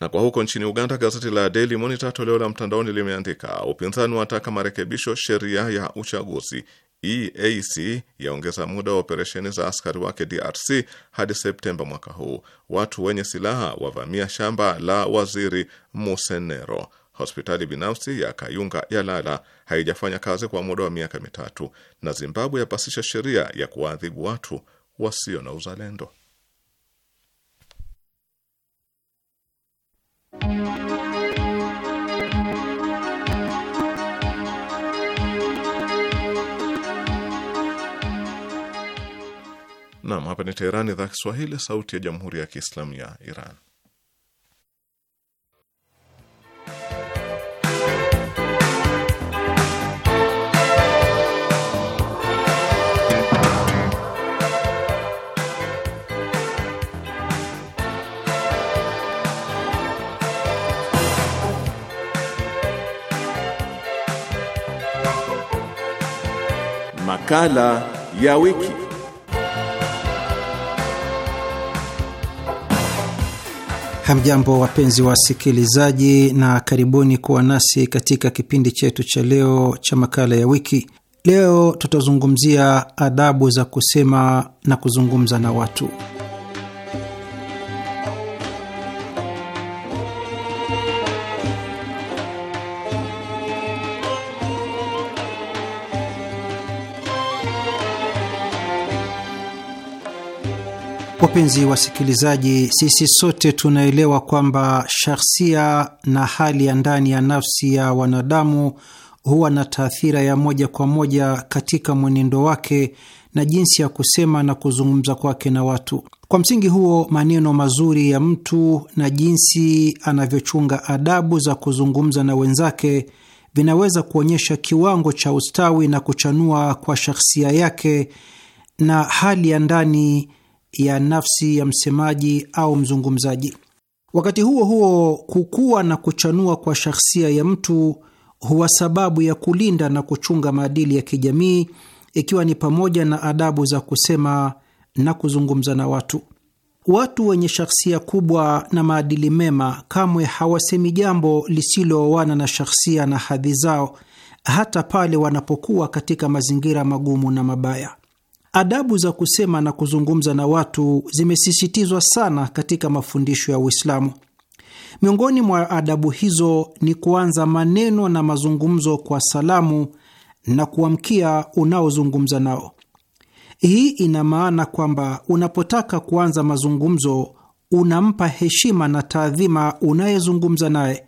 Na kwa huko nchini Uganda, gazeti la Daily Monitor toleo la mtandaoni limeandika upinzani wataka marekebisho sheria ya uchaguzi EAC yaongeza muda wa operesheni za askari wake DRC hadi Septemba mwaka huu. Watu wenye silaha wavamia shamba la waziri Musenero. Hospitali binafsi ya Kayunga ya Lala haijafanya kazi kwa muda wa miaka mitatu, na Zimbabwe yapasisha sheria ya kuwaadhibu watu wasio na uzalendo. Naam, hapa ni Teherani, idhaa Kiswahili, sauti ya jamhuri ya kiislamu ya Iran. Makala ya wiki. Hamjambo, wapenzi wasikilizaji, na karibuni kuwa nasi katika kipindi chetu cha leo cha makala ya wiki. Leo tutazungumzia adabu za kusema na kuzungumza na watu. Wapenzi wasikilizaji, sisi sote tunaelewa kwamba shahsia na hali ya ndani ya nafsi ya wanadamu huwa na taathira ya moja kwa moja katika mwenendo wake na jinsi ya kusema na kuzungumza kwake na watu. Kwa msingi huo, maneno mazuri ya mtu na jinsi anavyochunga adabu za kuzungumza na wenzake vinaweza kuonyesha kiwango cha ustawi na kuchanua kwa shahsia yake na hali ya ndani ya nafsi ya msemaji au mzungumzaji. Wakati huo huo, kukua na kuchanua kwa shakhsia ya mtu huwa sababu ya kulinda na kuchunga maadili ya kijamii, ikiwa ni pamoja na adabu za kusema na kuzungumza na watu. Watu wenye shakhsia kubwa na maadili mema kamwe hawasemi jambo lisiloowana na shakhsia na hadhi zao, hata pale wanapokuwa katika mazingira magumu na mabaya. Adabu za kusema na kuzungumza na watu zimesisitizwa sana katika mafundisho ya Uislamu. Miongoni mwa adabu hizo ni kuanza maneno na mazungumzo kwa salamu na kuamkia unaozungumza nao. Hii ina maana kwamba unapotaka kuanza mazungumzo, unampa heshima na taadhima unayezungumza naye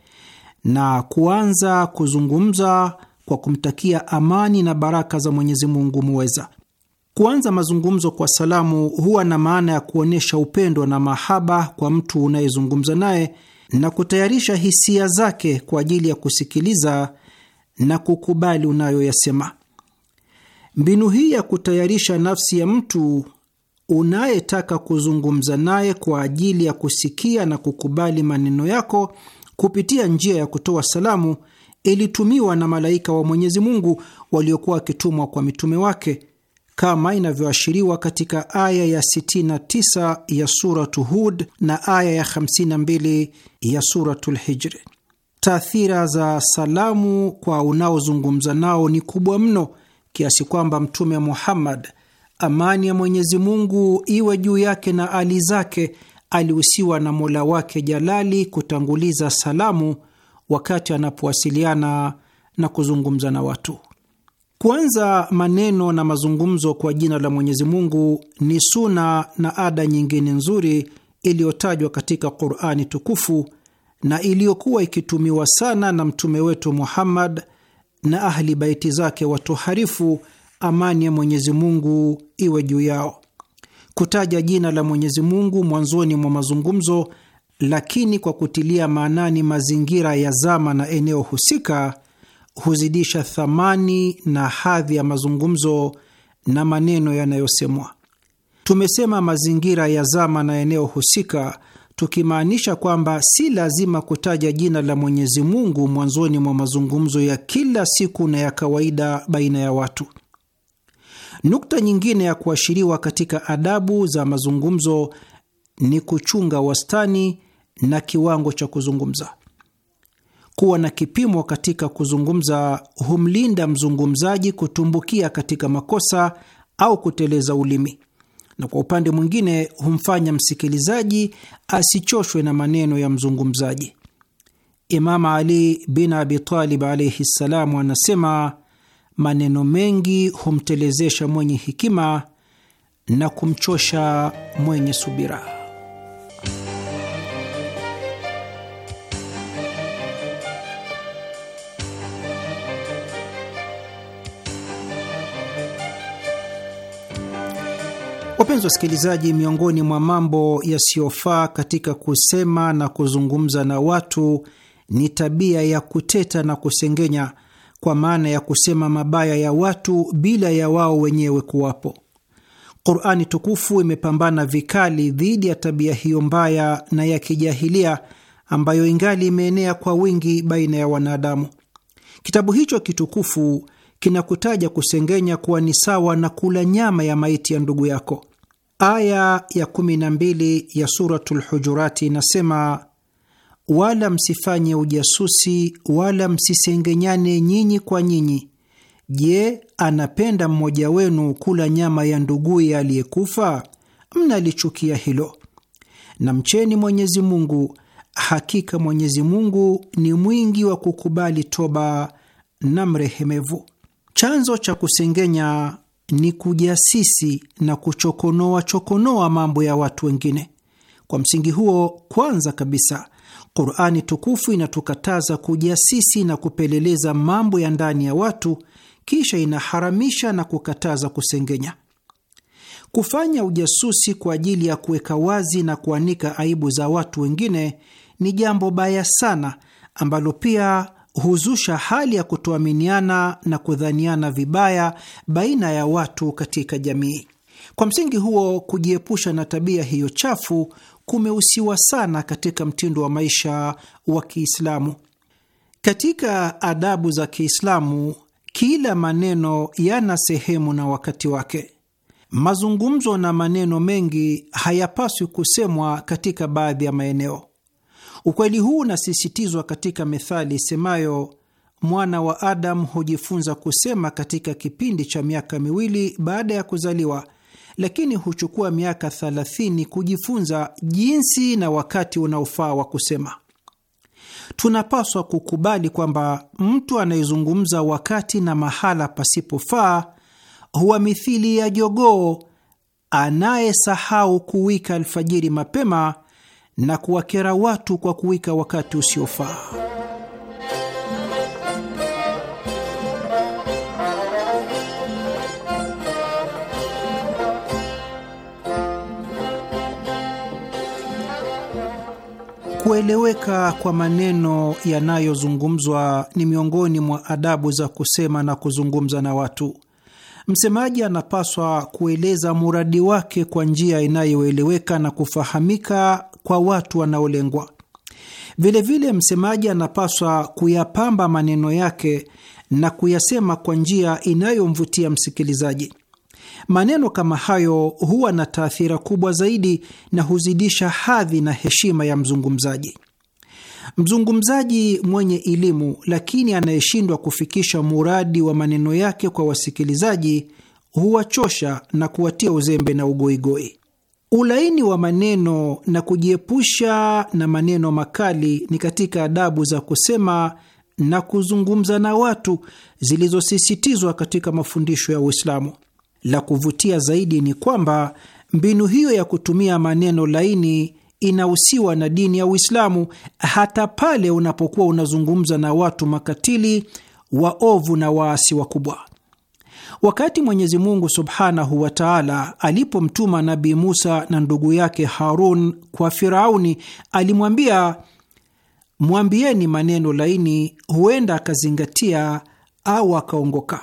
na kuanza kuzungumza kwa kumtakia amani na baraka za Mwenyezi Mungu muweza Kuanza mazungumzo kwa salamu huwa na maana ya kuonyesha upendo na mahaba kwa mtu unayezungumza naye na kutayarisha hisia zake kwa ajili ya kusikiliza na kukubali unayoyasema. Mbinu hii ya kutayarisha nafsi ya mtu unayetaka kuzungumza naye kwa ajili ya kusikia na kukubali maneno yako kupitia njia ya kutoa salamu ilitumiwa na malaika wa Mwenyezi Mungu waliokuwa wakitumwa kwa mitume wake kama inavyoashiriwa katika aya ya 69 ya Suratu Hud na aya ya 52 ya Suratul Hijri. Taathira za salamu kwa unaozungumza nao ni kubwa mno kiasi kwamba Mtume Muhammad, amani ya Mwenyezi Mungu iwe juu yake na ali zake, alihusiwa na Mola wake Jalali kutanguliza salamu wakati anapowasiliana na kuzungumza na watu. Kuanza maneno na mazungumzo kwa jina la Mwenyezi Mungu ni suna na ada nyingine nzuri iliyotajwa katika Qur'ani tukufu na iliyokuwa ikitumiwa sana na mtume wetu Muhammad na ahli baiti zake watoharifu, amani ya Mwenyezi Mungu iwe juu yao. Kutaja jina la Mwenyezi Mungu mwanzoni mwa mazungumzo, lakini kwa kutilia maanani mazingira ya zama na eneo husika huzidisha thamani na hadhi ya mazungumzo na maneno yanayosemwa. Tumesema mazingira ya zama na eneo husika, tukimaanisha kwamba si lazima kutaja jina la Mwenyezi Mungu mwanzoni mwa mazungumzo ya kila siku na ya kawaida baina ya watu. Nukta nyingine ya kuashiriwa katika adabu za mazungumzo ni kuchunga wastani na kiwango cha kuzungumza kuwa na kipimo katika kuzungumza humlinda mzungumzaji kutumbukia katika makosa au kuteleza ulimi, na kwa upande mwingine humfanya msikilizaji asichoshwe na maneno ya mzungumzaji. Imam Ali bin Abi Talib alaihi ssalamu anasema, maneno mengi humtelezesha mwenye hekima na kumchosha mwenye subira. Wapenzi wasikilizaji, miongoni mwa mambo yasiyofaa katika kusema na kuzungumza na watu ni tabia ya kuteta na kusengenya, kwa maana ya kusema mabaya ya watu bila ya wao wenyewe kuwapo. Qurani tukufu imepambana vikali dhidi ya tabia hiyo mbaya na ya kijahilia ambayo ingali imeenea kwa wingi baina ya wanadamu. Kitabu hicho kitukufu kinakutaja kusengenya kuwa ni sawa na kula nyama ya maiti ya ndugu yako, Aya ya 12 ya Suratul Hujurati inasema, wala msifanye ujasusi wala msisengenyane nyinyi kwa nyinyi. Je, anapenda mmoja wenu kula nyama ya nduguye aliyekufa? Mnalichukia hilo. Na mcheni Mwenyezi Mungu, hakika Mwenyezi Mungu ni mwingi wa kukubali toba na mrehemevu. Chanzo cha kusengenya ni kujasisi na kuchokonoa chokonoa mambo ya watu wengine. Kwa msingi huo, kwanza kabisa, Qur'ani tukufu inatukataza kujasisi na kupeleleza mambo ya ndani ya watu, kisha inaharamisha na kukataza kusengenya. Kufanya ujasusi kwa ajili ya kuweka wazi na kuanika aibu za watu wengine ni jambo baya sana ambalo pia huzusha hali ya kutoaminiana na kudhaniana vibaya baina ya watu katika jamii. Kwa msingi huo, kujiepusha na tabia hiyo chafu kumehusiwa sana katika mtindo wa maisha wa Kiislamu. Katika adabu za Kiislamu, kila maneno yana sehemu na wakati wake. Mazungumzo na maneno mengi hayapaswi kusemwa katika baadhi ya maeneo. Ukweli huu unasisitizwa katika methali isemayo mwana wa Adamu hujifunza kusema katika kipindi cha miaka miwili baada ya kuzaliwa, lakini huchukua miaka 30 kujifunza jinsi na wakati unaofaa wa kusema. Tunapaswa kukubali kwamba mtu anayezungumza wakati na mahala pasipofaa huwa mithili ya jogoo anayesahau kuwika alfajiri mapema na kuwakera watu kwa kuwika wakati usiofaa. Kueleweka kwa maneno yanayozungumzwa ni miongoni mwa adabu za kusema na kuzungumza na watu. Msemaji anapaswa kueleza muradi wake kwa njia inayoeleweka na kufahamika kwa watu wanaolengwa. Vilevile, msemaji anapaswa kuyapamba maneno yake na kuyasema kwa njia inayomvutia msikilizaji. Maneno kama hayo huwa na taathira kubwa zaidi na huzidisha hadhi na heshima ya mzungumzaji. Mzungumzaji mwenye elimu lakini anayeshindwa kufikisha muradi wa maneno yake kwa wasikilizaji huwachosha na kuwatia uzembe na ugoigoi. Ulaini wa maneno na kujiepusha na maneno makali ni katika adabu za kusema na kuzungumza na watu zilizosisitizwa katika mafundisho ya Uislamu. La kuvutia zaidi ni kwamba mbinu hiyo ya kutumia maneno laini inahusiwa na dini ya Uislamu hata pale unapokuwa unazungumza na watu makatili, waovu na waasi wakubwa. Wakati Mwenyezi Mungu subhanahu wa taala alipomtuma Nabii Musa na ndugu yake Harun kwa Firauni, alimwambia mwambieni maneno laini, huenda akazingatia au akaongoka.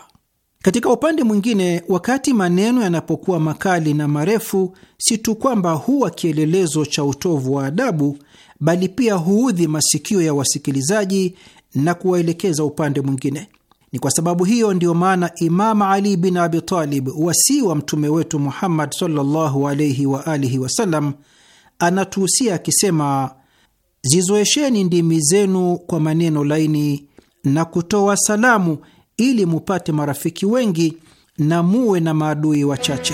Katika upande mwingine, wakati maneno yanapokuwa makali na marefu, si tu kwamba huwa kielelezo cha utovu wa adabu, bali pia huudhi masikio ya wasikilizaji na kuwaelekeza upande mwingine. Ni kwa sababu hiyo ndiyo maana Imam Ali bin Abi Talib, wasii wa mtume wetu Muhammad sallallahu alayhi wa alihi wasallam, anatuhusia akisema, zizoesheni ndimi zenu kwa maneno laini na kutoa salamu, ili mupate marafiki wengi na muwe na maadui wachache.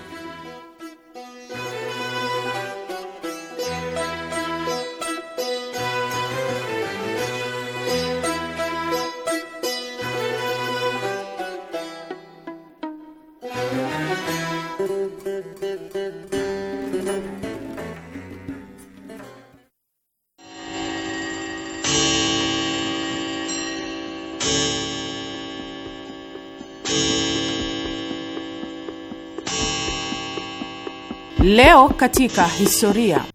Leo katika historia.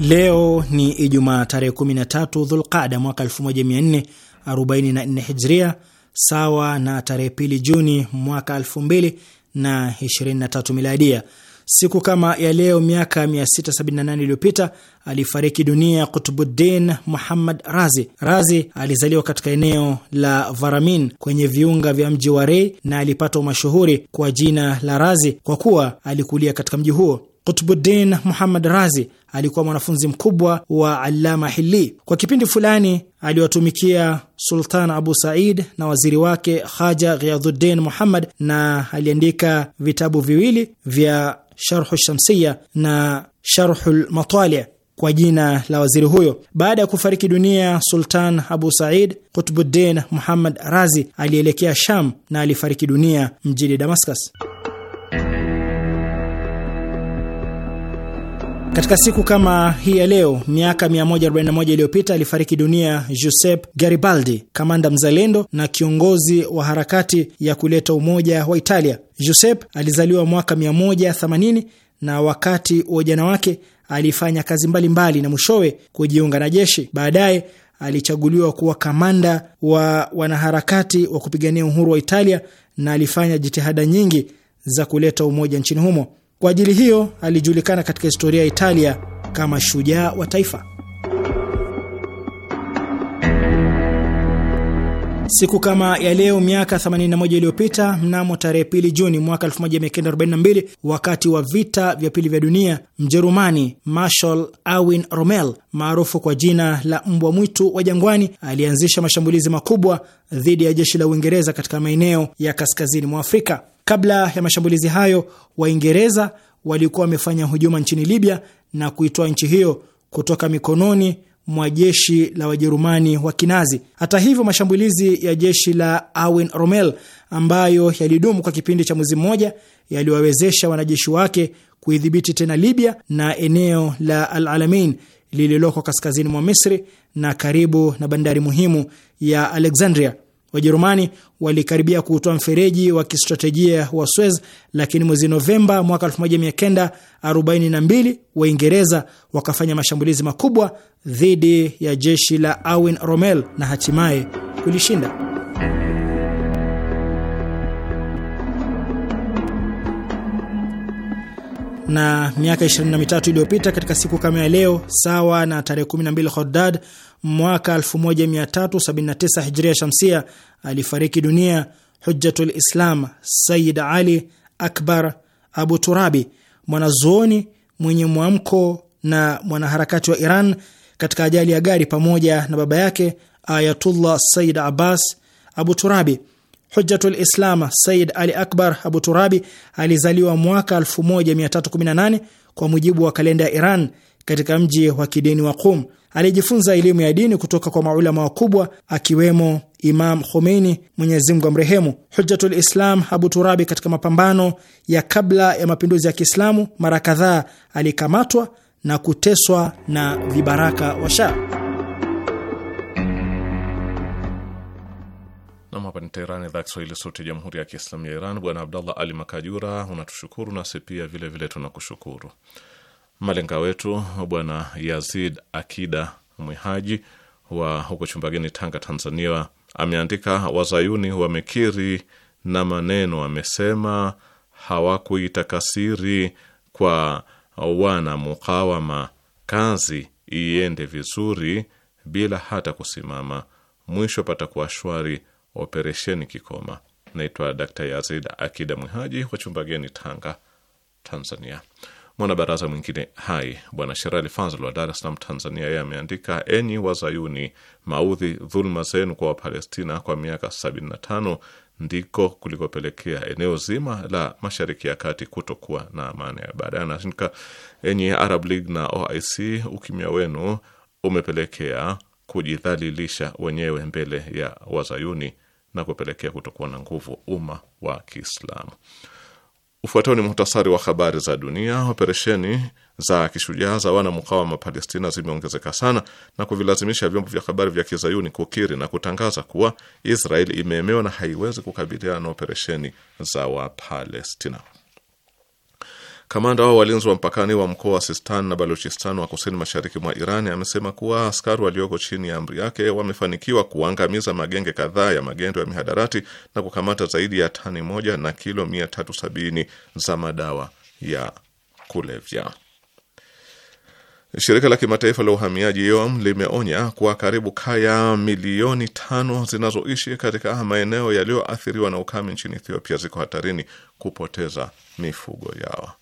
Leo ni Ijumaa tarehe 13 Dhulqada mwaka 1444 Hijria, sawa na tarehe pili Juni mwaka 2023 Miladia. Siku kama ya leo miaka 678 iliyopita alifariki dunia Kutubuddin Muhammad Razi. Razi alizaliwa katika eneo la Varamin kwenye viunga vya mji wa Rei na alipata mashuhuri kwa jina la Razi kwa kuwa alikulia katika mji huo. Kutubuddin Muhammad Razi alikuwa mwanafunzi mkubwa wa Allama Hili. Kwa kipindi fulani aliwatumikia Sultan Abu Said na waziri wake Haja Ghiadhuddin Muhammad, na aliandika vitabu viwili vya Sharhu Shamsiya na sharhu lmatali kwa jina la waziri huyo. Baada ya kufariki dunia Sultan Abu Said, Kutbuddin Muhammad Razi alielekea Sham na alifariki dunia mjini Damascus. Katika siku kama hii ya leo miaka 141 iliyopita alifariki dunia Giuseppe Garibaldi, kamanda mzalendo na kiongozi wa harakati ya kuleta umoja wa Italia. Giuseppe alizaliwa mwaka 180 na wakati wa ujana wake alifanya kazi mbalimbali mbali na mwishowe kujiunga na jeshi. Baadaye alichaguliwa kuwa kamanda wa wanaharakati wa kupigania uhuru wa Italia na alifanya jitihada nyingi za kuleta umoja nchini humo. Kwa ajili hiyo alijulikana katika historia ya Italia kama shujaa wa taifa. Siku kama ya leo miaka 81 iliyopita, mnamo tarehe pili Juni mwaka 1942, wakati wa vita vya pili vya dunia, Mjerumani Marshal Erwin Rommel maarufu kwa jina la mbwa mwitu wa jangwani alianzisha mashambulizi makubwa dhidi ya jeshi la Uingereza katika maeneo ya kaskazini mwa Afrika. Kabla ya mashambulizi hayo, Waingereza walikuwa wamefanya hujuma nchini Libya na kuitoa nchi hiyo kutoka mikononi mwa jeshi la Wajerumani wa Kinazi. Hata hivyo, mashambulizi ya jeshi la Owen Rommel ambayo yalidumu kwa kipindi cha mwezi mmoja yaliwawezesha wanajeshi wake kuidhibiti tena Libya na eneo la Al Alamein lililoko kaskazini mwa Misri na karibu na bandari muhimu ya Alexandria. Wajerumani walikaribia kuutoa mfereji wa kistratejia wa Suez, lakini mwezi Novemba mwaka 1942 Waingereza wakafanya mashambulizi makubwa dhidi ya jeshi la Awin Rommel na hatimaye kulishinda. na miaka 23 iliyopita katika siku kama ya leo, sawa na tarehe 12 Khordad mwaka 1379 hijria shamsia alifariki dunia Hujjatul Islam Sayyid Ali Akbar Abu Turabi, mwanazuoni mwenye mwamko na mwanaharakati wa Iran, katika ajali ya gari pamoja na baba yake Ayatullah Sayyid Abbas Abu Turabi. Hujjatul Islam Sayyid Ali Akbar Abu Turabi alizaliwa mwaka 1318 kwa mujibu wa kalenda ya Iran katika mji wa kidini wa Qum. Alijifunza elimu ya dini kutoka kwa maulama wakubwa akiwemo Imam Khomeini, Mwenyezi Mungu amrehemu. Hujjatul Islam Abu Turabi katika mapambano ya kabla ya mapinduzi ya Kiislamu mara kadhaa alikamatwa na kuteswa na vibaraka wa Shah. Nam, hapa ni Teherani, idhaa Kiswahili, sauti ya jamhuri ya kiislamu ya Iran. Bwana Abdallah Ali Makajura, unatushukuru nasi pia vilevile tunakushukuru malenga wetu Bwana Yazid Akida Mwihaji wa huko Chumbageni, Tanga, Tanzania, ameandika wazayuni wamekiri na maneno amesema hawakuita kasiri kwa wana mukawama, kazi iende vizuri bila hata kusimama, mwisho patakuwa shwari, operesheni kikoma. Naitwa Dr Yazid Akida Mwihaji wa Chumbageni, Tanga, Tanzania. Mwanabaraza mwingine hai Bwana Sherali Fazl wa Dar es Salaam, Tanzania, yeye ameandika: enyi Wazayuni, maudhi, dhuluma zenu kwa Wapalestina kwa miaka 75 ndiko kulikopelekea eneo zima la Mashariki ya Kati kutokuwa na amani. Baadaye anaandika: enyi Arab League na OIC, ukimya wenu umepelekea kujidhalilisha wenyewe mbele ya Wazayuni na kupelekea kutokuwa na nguvu umma wa Kiislamu. Ufuatao ni muhtasari wa habari za dunia. Operesheni za kishujaa za wa Palestina zimeongezeka sana na kuvilazimisha vyombo vya habari vya kizayuni kukiri na kutangaza kuwa Israeli imeemewa na haiwezi kukabiliana na operesheni za Wapalestina. Kamanda wa walinzi wa mpakani wa mkoa wa Sistan na Baluchistan wa kusini mashariki mwa Iran amesema kuwa askari walioko chini ya amri yake wamefanikiwa kuangamiza magenge kadhaa ya magendo ya mihadarati na kukamata zaidi ya tani moja na kilo 370 za madawa ya kulevya. Shirika la kimataifa la uhamiaji IOM limeonya kuwa karibu kaya milioni tano zinazoishi katika maeneo yaliyoathiriwa na ukame nchini Ethiopia ziko hatarini kupoteza mifugo yao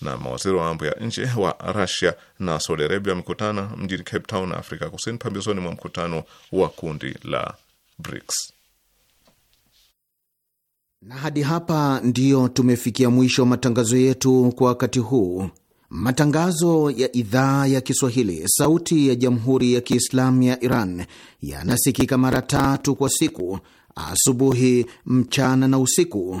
na mawaziri wa mambo ya nje wa Russia na Saudi Arabia wamekutana mjini Cape Town, Afrika Kusini, pambizoni mwa mkutano wa kundi la BRICS. Na hadi hapa ndiyo tumefikia mwisho wa matangazo yetu kwa wakati huu. Matangazo ya idhaa ya Kiswahili, sauti ya jamhuri ya kiislamu ya Iran yanasikika mara tatu kwa siku: asubuhi, mchana na usiku.